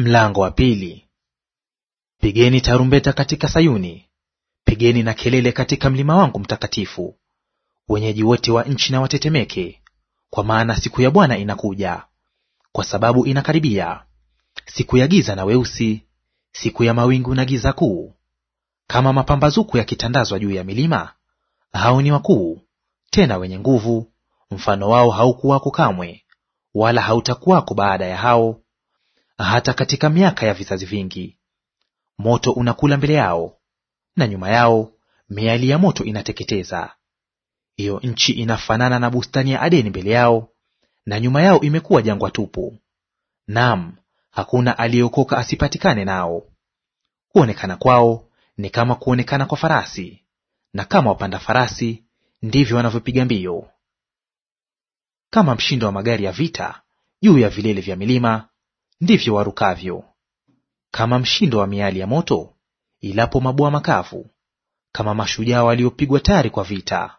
Mlango wa pili. Pigeni tarumbeta katika Sayuni, pigeni na kelele katika mlima wangu mtakatifu. Wenyeji wote wa nchi na watetemeke, kwa maana siku ya Bwana inakuja, kwa sababu inakaribia, siku ya giza na weusi, siku ya mawingu na giza kuu. Kama mapambazuku yakitandazwa juu ya milima, hao ni wakuu tena wenye nguvu, mfano wao haukuwako kamwe, wala hautakuwako baada ya hao hata katika miaka ya vizazi vingi. Moto unakula mbele yao, na nyuma yao miali ya moto inateketeza. Hiyo nchi inafanana na bustani ya Adeni mbele yao, na nyuma yao imekuwa jangwa tupu. Naam, hakuna aliyeokoka asipatikane nao. Kuonekana kwao ni kama kuonekana kwa farasi, na kama wapanda farasi ndivyo wanavyopiga mbio. Kama mshindo wa magari ya vita juu ya vilele vya milima ndivyo warukavyo. Kama mshindo wa miali ya moto ilapo mabua makavu, kama mashujaa waliopigwa tayari kwa vita.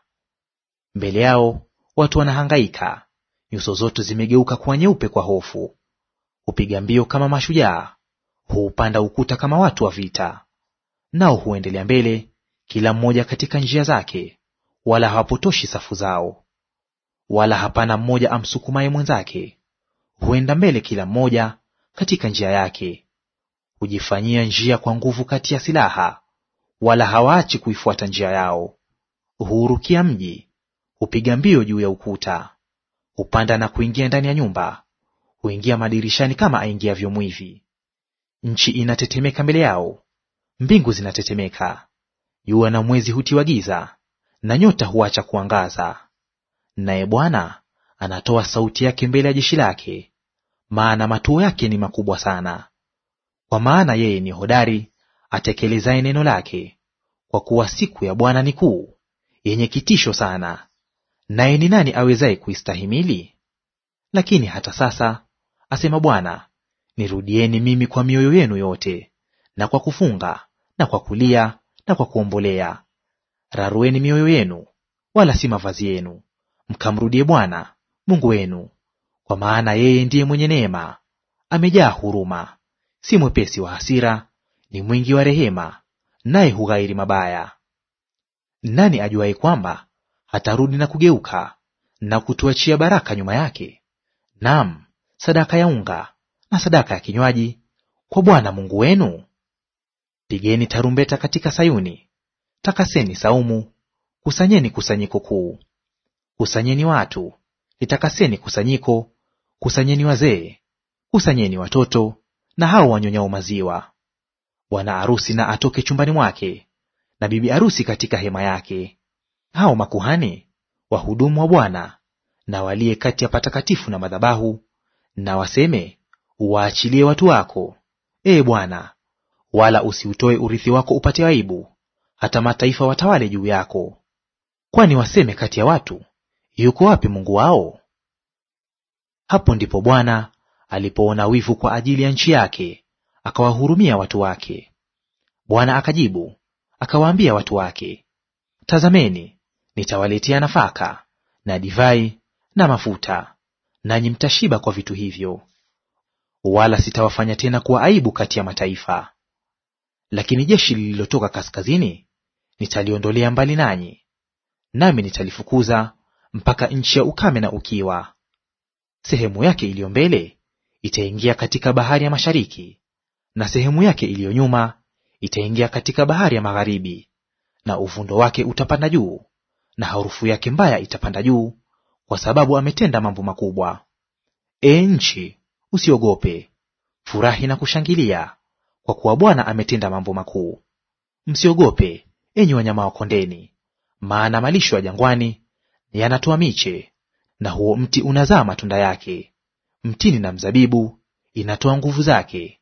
Mbele yao watu wanahangaika, nyuso zote zimegeuka kuwa nyeupe kwa hofu. Hupiga mbio kama mashujaa, huupanda ukuta kama watu wa vita. Nao huendelea mbele, kila mmoja katika njia zake, wala hawapotoshi safu zao. Wala hapana mmoja amsukumaye mwenzake; huenda mbele kila mmoja katika njia yake, hujifanyia njia kwa nguvu kati ya silaha, wala hawaachi kuifuata njia yao. Huurukia mji, hupiga mbio juu ya ukuta, hupanda na kuingia ndani ya nyumba, huingia madirishani kama aingiavyo mwivi. Nchi inatetemeka mbele yao, mbingu zinatetemeka, jua na mwezi hutiwa giza, na nyota huacha kuangaza. Naye Bwana anatoa sauti yake mbele ya jeshi lake, maana matuo yake ni makubwa sana. Kwa maana yeye ni hodari atekelezaye neno lake, kwa kuwa siku ya Bwana ni kuu, yenye kitisho sana. Naye ni nani awezaye kuistahimili? Lakini hata sasa, asema Bwana, nirudieni mimi kwa mioyo yenu yote, na kwa kufunga na kwa kulia na kwa kuombolea. Rarueni mioyo yenu, wala si mavazi yenu, mkamrudie Bwana Mungu wenu. Kwa maana yeye ndiye mwenye neema, amejaa huruma, si mwepesi wa hasira, ni mwingi wa rehema, naye hughairi mabaya. Nani ajuaye kwamba hatarudi na kugeuka na kutuachia baraka nyuma yake, nam sadaka ya unga na sadaka ya kinywaji kwa Bwana Mungu wenu? Pigeni tarumbeta katika Sayuni, takaseni saumu, kusanyeni kusanyiko kuu, kusanyeni watu Litakaseni kusanyiko, kusanyeni wazee, kusanyeni watoto na hao wanyonyao maziwa. Bwana arusi na atoke chumbani mwake, na bibi arusi katika hema yake. Hao makuhani wahudumu wa Bwana na waliye kati ya patakatifu na madhabahu, na waseme, waachilie watu wako, ee Bwana, wala usiutoe urithi wako upate aibu, hata mataifa watawale juu yako. Kwani waseme kati ya watu yuko wapi Mungu wao? Hapo ndipo Bwana alipoona wivu kwa ajili ya nchi yake, akawahurumia watu wake. Bwana akajibu akawaambia watu wake, Tazameni, nitawaletea nafaka na divai na mafuta, nanyi mtashiba kwa vitu hivyo, wala sitawafanya tena kuwa aibu kati ya mataifa. Lakini jeshi lililotoka kaskazini nitaliondolea mbali nanyi, nami nitalifukuza mpaka nchi ya ukame na ukiwa. Sehemu yake iliyo mbele itaingia katika bahari ya mashariki, na sehemu yake iliyo nyuma itaingia katika bahari ya magharibi. Na uvundo wake utapanda juu, na harufu yake mbaya itapanda juu, kwa sababu ametenda mambo makubwa. E nchi, usiogope, furahi na kushangilia, kwa kuwa Bwana ametenda mambo makuu. Msiogope enyi wanyama wa kondeni, maana malisho ya jangwani yanatoa miche, na huo mti unazaa matunda yake; mtini na mzabibu inatoa nguvu zake.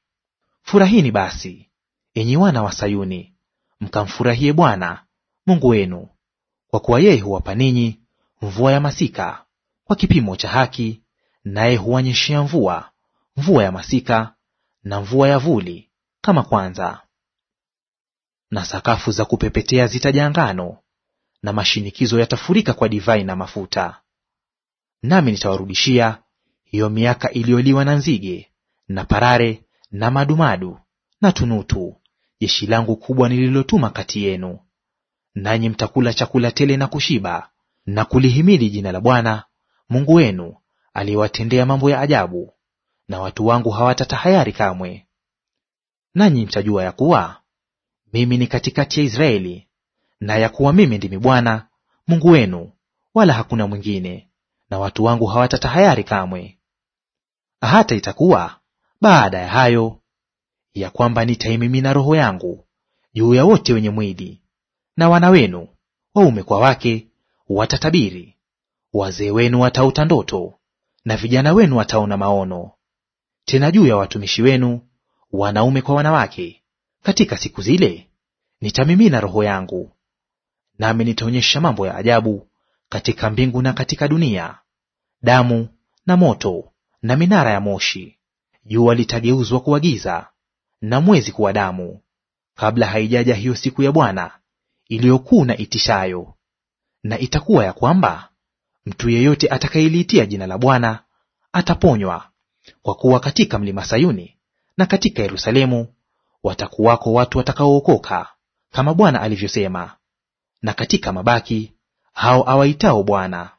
Furahini basi, enyi wana wa Sayuni, mkamfurahie Bwana Mungu wenu, kwa kuwa yeye huwapa ninyi mvua ya masika kwa kipimo cha haki, naye huwanyeshea mvua mvua ya masika na mvua ya vuli kama kwanza. Na sakafu za kupepetea zitajaa ngano na mashinikizo yatafurika kwa divai na mafuta. Nami nitawarudishia hiyo miaka iliyoliwa na nzige na parare na madumadu na tunutu, jeshi langu kubwa nililotuma kati yenu. Nanyi mtakula chakula tele na kushiba na kulihimili jina la Bwana Mungu wenu aliyewatendea mambo ya ajabu, na watu wangu hawatatahayari kamwe. Nanyi mtajua ya kuwa mimi ni katikati ya Israeli na ya kuwa mimi ndimi Bwana Mungu wenu, wala hakuna mwingine, na watu wangu hawatatahayari kamwe. Hata itakuwa baada ya hayo, ya kwamba nitaimimina roho yangu juu ya wote wenye mwili, na wana wenu waume kwa wake watatabiri, wazee wenu wataota ndoto, na vijana wenu wataona maono. Tena juu ya watumishi wenu wanaume kwa wanawake, katika siku zile nitamimina roho yangu na amenitaonyesha mambo ya ajabu katika mbingu na katika dunia, damu na moto na minara ya moshi. Jua litageuzwa kuwa giza na mwezi kuwa damu, kabla haijaja hiyo siku ya Bwana iliyokuu na itishayo. Na itakuwa ya kwamba mtu yeyote atakayeliitia jina la Bwana ataponywa, kwa kuwa katika mlima Sayuni na katika Yerusalemu watakuwako watu watakaookoka, kama Bwana alivyosema na katika mabaki hao awaitao Bwana.